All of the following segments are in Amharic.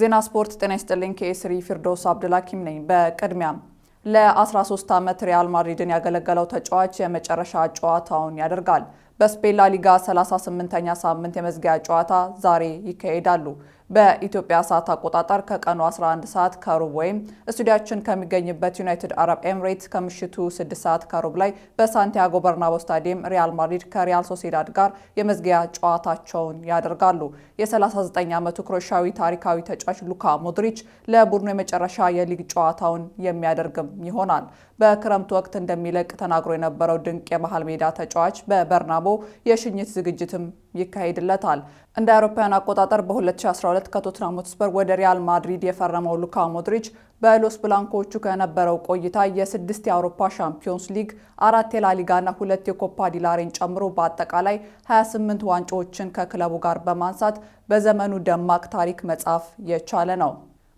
ዜና ስፖርት። ጤና ይስጥልኝ። ከኤስሪ ፊርዶስ አብድልሀኪም ነኝ። በቅድሚያም ለ13 ዓመት ሪያል ማድሪድን ያገለገለው ተጫዋች የመጨረሻ ጨዋታውን ያደርጋል። በስፔን ላሊጋ 38ኛ ሳምንት የመዝጊያ ጨዋታ ዛሬ ይካሄዳሉ። በኢትዮጵያ ሰዓት አቆጣጠር ከቀኑ 11 ሰዓት ከሩብ ወይም ስቱዲያችን ከሚገኝበት ዩናይትድ አረብ ኤምሬት ከምሽቱ 6 ሰዓት ከሩብ ላይ በሳንቲያጎ በርናቦ ስታዲየም ሪያል ማድሪድ ከሪያል ሶሴዳድ ጋር የመዝጊያ ጨዋታቸውን ያደርጋሉ። የ39 ዓመቱ ክሮሻዊ ታሪካዊ ተጫዋች ሉካ ሞድሪች ለቡድኑ የመጨረሻ የሊግ ጨዋታውን የሚያደርግም ይሆናል። በክረምት ወቅት እንደሚለቅ ተናግሮ የነበረው ድንቅ የመሃል ሜዳ ተጫዋች በበርናቦ የሽኝት ዝግጅትም ይካሄድለታል። እንደ አውሮፓውያን አቆጣጠር በ2012 ከቶትናም ሆትስፐር ወደ ሪያል ማድሪድ የፈረመው ሉካ ሞድሪች በሎስ ብላንኮቹ ከነበረው ቆይታ የስድስት የአውሮፓ ሻምፒዮንስ ሊግ፣ አራት የላሊጋና ሁለት የኮፓ ዲላሬን ጨምሮ በአጠቃላይ 28 ዋንጫዎችን ከክለቡ ጋር በማንሳት በዘመኑ ደማቅ ታሪክ መጻፍ የቻለ ነው።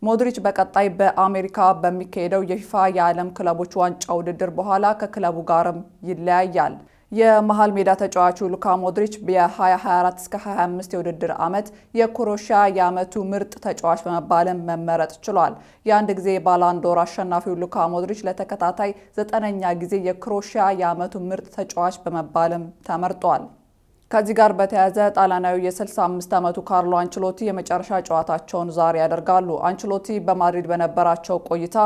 ሞድሪች በቀጣይ በአሜሪካ በሚካሄደው የፊፋ የዓለም ክለቦች ዋንጫ ውድድር በኋላ ከክለቡ ጋርም ይለያያል። የመሃል ሜዳ ተጫዋቹ ሉካ ሞድሪች የ2024 እስከ 25 የውድድር ዓመት የክሮሻ የዓመቱ ምርጥ ተጫዋች በመባልም መመረጥ ችሏል። የአንድ ጊዜ ባላንዶር አሸናፊው ሉካ ሞድሪች ለተከታታይ ዘጠነኛ ጊዜ የክሮሻ የዓመቱ ምርጥ ተጫዋች በመባልም ተመርጧል። ከዚህ ጋር በተያያዘ ጣሊያናዊ የ65 ዓመቱ ካርሎ አንችሎቲ የመጨረሻ ጨዋታቸውን ዛሬ ያደርጋሉ። አንችሎቲ በማድሪድ በነበራቸው ቆይታ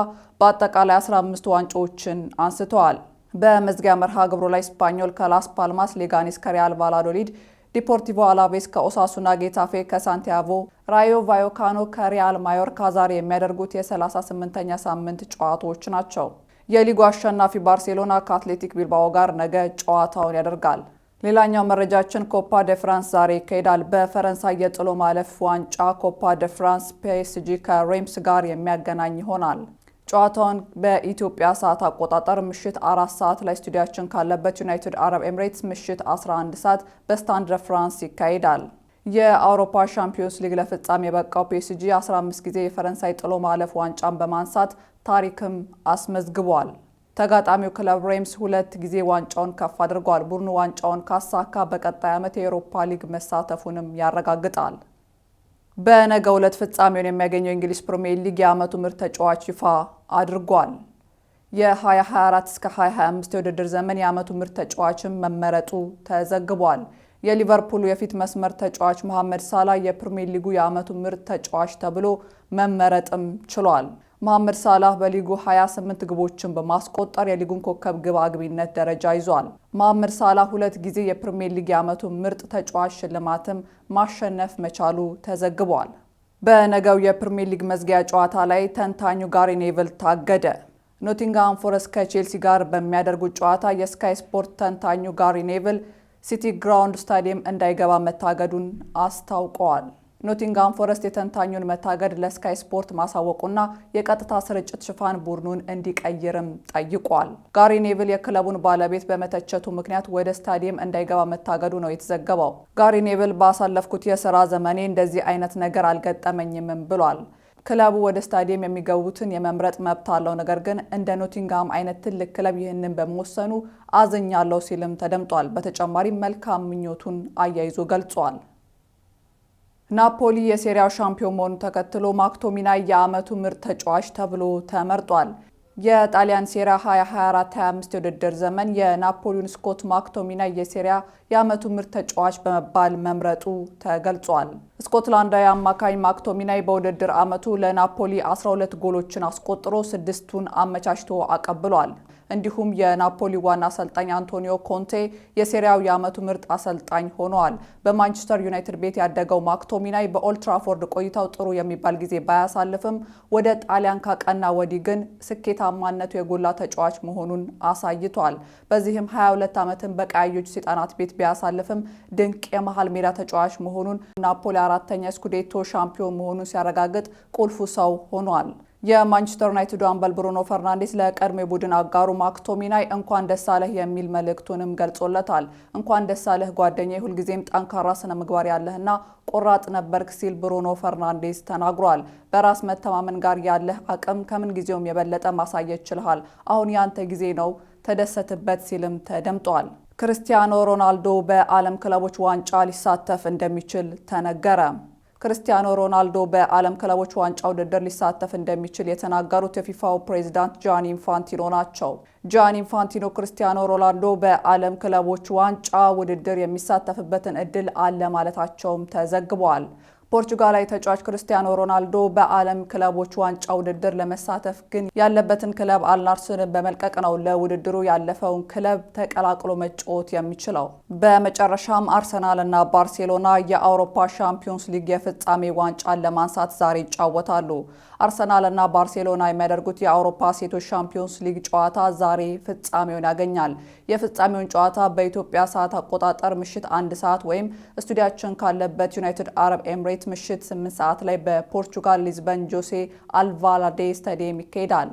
በአጠቃላይ 15 ዋንጫዎችን አንስተዋል። በመዝጊያ መርሃ ግብሩ ላይ ስፓኞል ከላስ ፓልማስ፣ ሌጋኒስ ከሪያል ቫላዶሊድ፣ ዲፖርቲቮ አላቬስ ከኦሳሱና፣ ጌታፌ ከሳንቲያጎ፣ ራዮ ቫዮካኖ ከሪያል ማዮርካ ዛሬ የሚያደርጉት የ38ኛ ሳምንት ጨዋታዎች ናቸው። የሊጉ አሸናፊ ባርሴሎና ከአትሌቲክ ቢልባኦ ጋር ነገ ጨዋታውን ያደርጋል። ሌላኛው መረጃችን ኮፓ ደ ፍራንስ ዛሬ ይካሄዳል። በፈረንሳይ የጥሎ ማለፍ ዋንጫ ኮፓ ደ ፍራንስ ፒኤስጂ ከሬምስ ጋር የሚያገናኝ ይሆናል። ጨዋታውን በኢትዮጵያ ሰዓት አቆጣጠር ምሽት አራት ሰዓት ላይ ስቱዲያችን ካለበት ዩናይትድ አረብ ኤምሬትስ ምሽት 11 ሰዓት በስታንድ ፍራንስ ይካሄዳል። የአውሮፓ ሻምፒዮንስ ሊግ ለፍጻሜ የበቃው ፒኤስጂ 15 ጊዜ የፈረንሳይ ጥሎ ማለፍ ዋንጫን በማንሳት ታሪክም አስመዝግቧል። ተጋጣሚው ክለብ ሬምስ ሁለት ጊዜ ዋንጫውን ከፍ አድርጓል። ቡድኑ ዋንጫውን ካሳካ በቀጣይ ዓመት የአውሮፓ ሊግ መሳተፉንም ያረጋግጣል። በነገ ዕለት ፍጻሜውን የሚያገኘው የእንግሊዝ ፕሪሚየር ሊግ የዓመቱ ምርጥ ተጫዋች ይፋ አድርጓል። የ2024 እስከ 2025 የውድድር ዘመን የዓመቱ ምርጥ ተጫዋችን መመረጡ ተዘግቧል። የሊቨርፑሉ የፊት መስመር ተጫዋች መሐመድ ሳላ የፕሪሚየር ሊጉ የዓመቱ ምርጥ ተጫዋች ተብሎ መመረጥም ችሏል። መሐመድ ሳላህ በሊጉ 28 ግቦችን በማስቆጠር የሊጉን ኮከብ ግብ አግቢነት ደረጃ ይዟል። መሐመድ ሳላህ ሁለት ጊዜ የፕሪምየር ሊግ የዓመቱ ምርጥ ተጫዋች ሽልማትም ማሸነፍ መቻሉ ተዘግቧል። በነገው የፕሪምየር ሊግ መዝጊያ ጨዋታ ላይ ተንታኙ ጋሪ ኔቭል ታገደ። ኖቲንግሃም ፎረስት ከቼልሲ ጋር በሚያደርጉት ጨዋታ የስካይ ስፖርት ተንታኙ ጋሪ ኔቭል ሲቲ ግራውንድ ስታዲየም እንዳይገባ መታገዱን አስታውቀዋል። ኖቲንጋም ፎረስት የተንታኙን መታገድ ለስካይ ስፖርት ማሳወቁና የቀጥታ ስርጭት ሽፋን ቡድኑን እንዲቀይርም ጠይቋል። ጋሪ ኔቪል የክለቡን ባለቤት በመተቸቱ ምክንያት ወደ ስታዲየም እንዳይገባ መታገዱ ነው የተዘገበው። ጋሪ ኔቪል ባሳለፍኩት የስራ ዘመኔ እንደዚህ አይነት ነገር አልገጠመኝምም ብሏል። ክለቡ ወደ ስታዲየም የሚገቡትን የመምረጥ መብት አለው፣ ነገር ግን እንደ ኖቲንግሃም አይነት ትልቅ ክለብ ይህንን በመወሰኑ አዝኛለሁ ሲልም ተደምጧል። በተጨማሪም መልካም ምኞቱን አያይዞ ገልጿል። ናፖሊ የሴሪያው ሻምፒዮን መሆኑን ተከትሎ ማክቶሚናይ የዓመቱ ምርጥ ተጫዋች ተብሎ ተመርጧል። የጣሊያን ሴሪያ 2024/25 የውድድር ዘመን የናፖሊዮን ስኮት ማክቶሚናይ የሴሪያ የዓመቱ ምርጥ ተጫዋች በመባል መምረጡ ተገልጿል። ስኮትላንዳዊ አማካኝ ማክቶሚናይ በውድድር ዓመቱ ለናፖሊ 12 ጎሎችን አስቆጥሮ ስድስቱን አመቻችቶ አቀብሏል። እንዲሁም የናፖሊ ዋና አሰልጣኝ አንቶኒዮ ኮንቴ የሴሪያው የዓመቱ ምርጥ አሰልጣኝ ሆነዋል። በማንቸስተር ዩናይትድ ቤት ያደገው ማክቶሚናይ በኦልትራፎርድ ቆይታው ጥሩ የሚባል ጊዜ ባያሳልፍም ወደ ጣሊያን ካቀና ወዲህ ግን ስኬታማነቱ የጎላ ተጫዋች መሆኑን አሳይቷል። በዚህም 22 ዓመትን በቀያዮች ሰይጣናት ቤት ቢያሳልፍም ድንቅ የመሃል ሜዳ ተጫዋች መሆኑን ናፖሊ አራተኛ ስኩዴቶ ሻምፒዮን መሆኑን ሲያረጋግጥ ቁልፉ ሰው ሆኗል። የማንቸስተር ዩናይትዱ አምበል ብሩኖ ፈርናንዴስ ለቀድሞ የቡድን አጋሩ ማክቶሚናይ እንኳን ደሳለህ የሚል መልእክቱንም ገልጾለታል። እንኳን ደሳለህ ጓደኛ፣ ሁልጊዜም ጠንካራ ስነ ምግባር ያለህና ቆራጥ ነበርክ ሲል ብሩኖ ፈርናንዴስ ተናግሯል። በራስ መተማመን ጋር ያለህ አቅም ከምን ጊዜውም የበለጠ ማሳየት ችልሃል። አሁን ያንተ ጊዜ ነው፣ ተደሰትበት ሲልም ተደምጧል። ክርስቲያኖ ሮናልዶ በዓለም ክለቦች ዋንጫ ሊሳተፍ እንደሚችል ተነገረ። ክርስቲያኖ ሮናልዶ በዓለም ክለቦች ዋንጫ ውድድር ሊሳተፍ እንደሚችል የተናገሩት የፊፋው ፕሬዚዳንት ጃን ኢንፋንቲኖ ናቸው። ጃን ኢንፋንቲኖ ክርስቲያኖ ሮናልዶ በዓለም ክለቦች ዋንጫ ውድድር የሚሳተፍበትን እድል አለ ማለታቸውም ተዘግቧል። ፖርቹጋላዊ ተጫዋች ክርስቲያኖ ሮናልዶ በዓለም ክለቦች ዋንጫ ውድድር ለመሳተፍ ግን ያለበትን ክለብ አልናርስንን በመልቀቅ ነው ለውድድሩ ያለፈውን ክለብ ተቀላቅሎ መጫወት የሚችለው። በመጨረሻም አርሰናል እና ባርሴሎና የአውሮፓ ሻምፒዮንስ ሊግ የፍጻሜ ዋንጫን ለማንሳት ዛሬ ይጫወታሉ። አርሰናል እና ባርሴሎና የሚያደርጉት የአውሮፓ ሴቶች ሻምፒዮንስ ሊግ ጨዋታ ዛሬ ፍጻሜውን ያገኛል። የፍጻሜውን ጨዋታ በኢትዮጵያ ሰዓት አቆጣጠር ምሽት አንድ ሰዓት ወይም ስቱዲያችን ካለበት ዩናይትድ አረብ ኤምሬት ቤት ምሽት 8 ሰዓት ላይ በፖርቹጋል ሊዝበን ጆሴ አልቫላዴ ስታዲየም ይካሄዳል።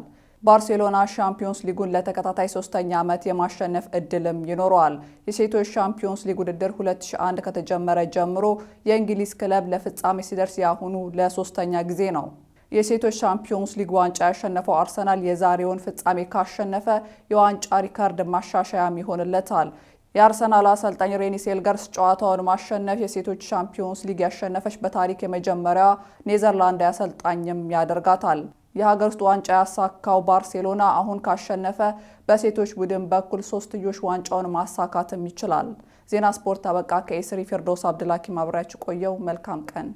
ባርሴሎና ሻምፒዮንስ ሊጉን ለተከታታይ ሶስተኛ ዓመት የማሸነፍ እድልም ይኖረዋል። የሴቶች ሻምፒዮንስ ሊግ ውድድር 2001 ከተጀመረ ጀምሮ የእንግሊዝ ክለብ ለፍጻሜ ሲደርስ ያሁኑ ለሶስተኛ ጊዜ ነው። የሴቶች ሻምፒዮንስ ሊግ ዋንጫ ያሸነፈው አርሰናል የዛሬውን ፍጻሜ ካሸነፈ የዋንጫ ሪካርድ ማሻሻያም ይሆንለታል። የአርሰናል አሰልጣኝ ሬኒ ሴልገርስ ጨዋታውን ማሸነፍ የሴቶች ሻምፒዮንስ ሊግ ያሸነፈች በታሪክ የመጀመሪያ ኔዘርላንዳዊ አሰልጣኝም ያደርጋታል። የሀገር ውስጥ ዋንጫ ያሳካው ባርሴሎና አሁን ካሸነፈ በሴቶች ቡድን በኩል ሶስትዮሽ ዋንጫውን ማሳካትም ይችላል። ዜና ስፖርት አበቃ። ከኤስሪ ፌርዶስ አብድላኪ ማብሪያችሁ ቆየው። መልካም ቀን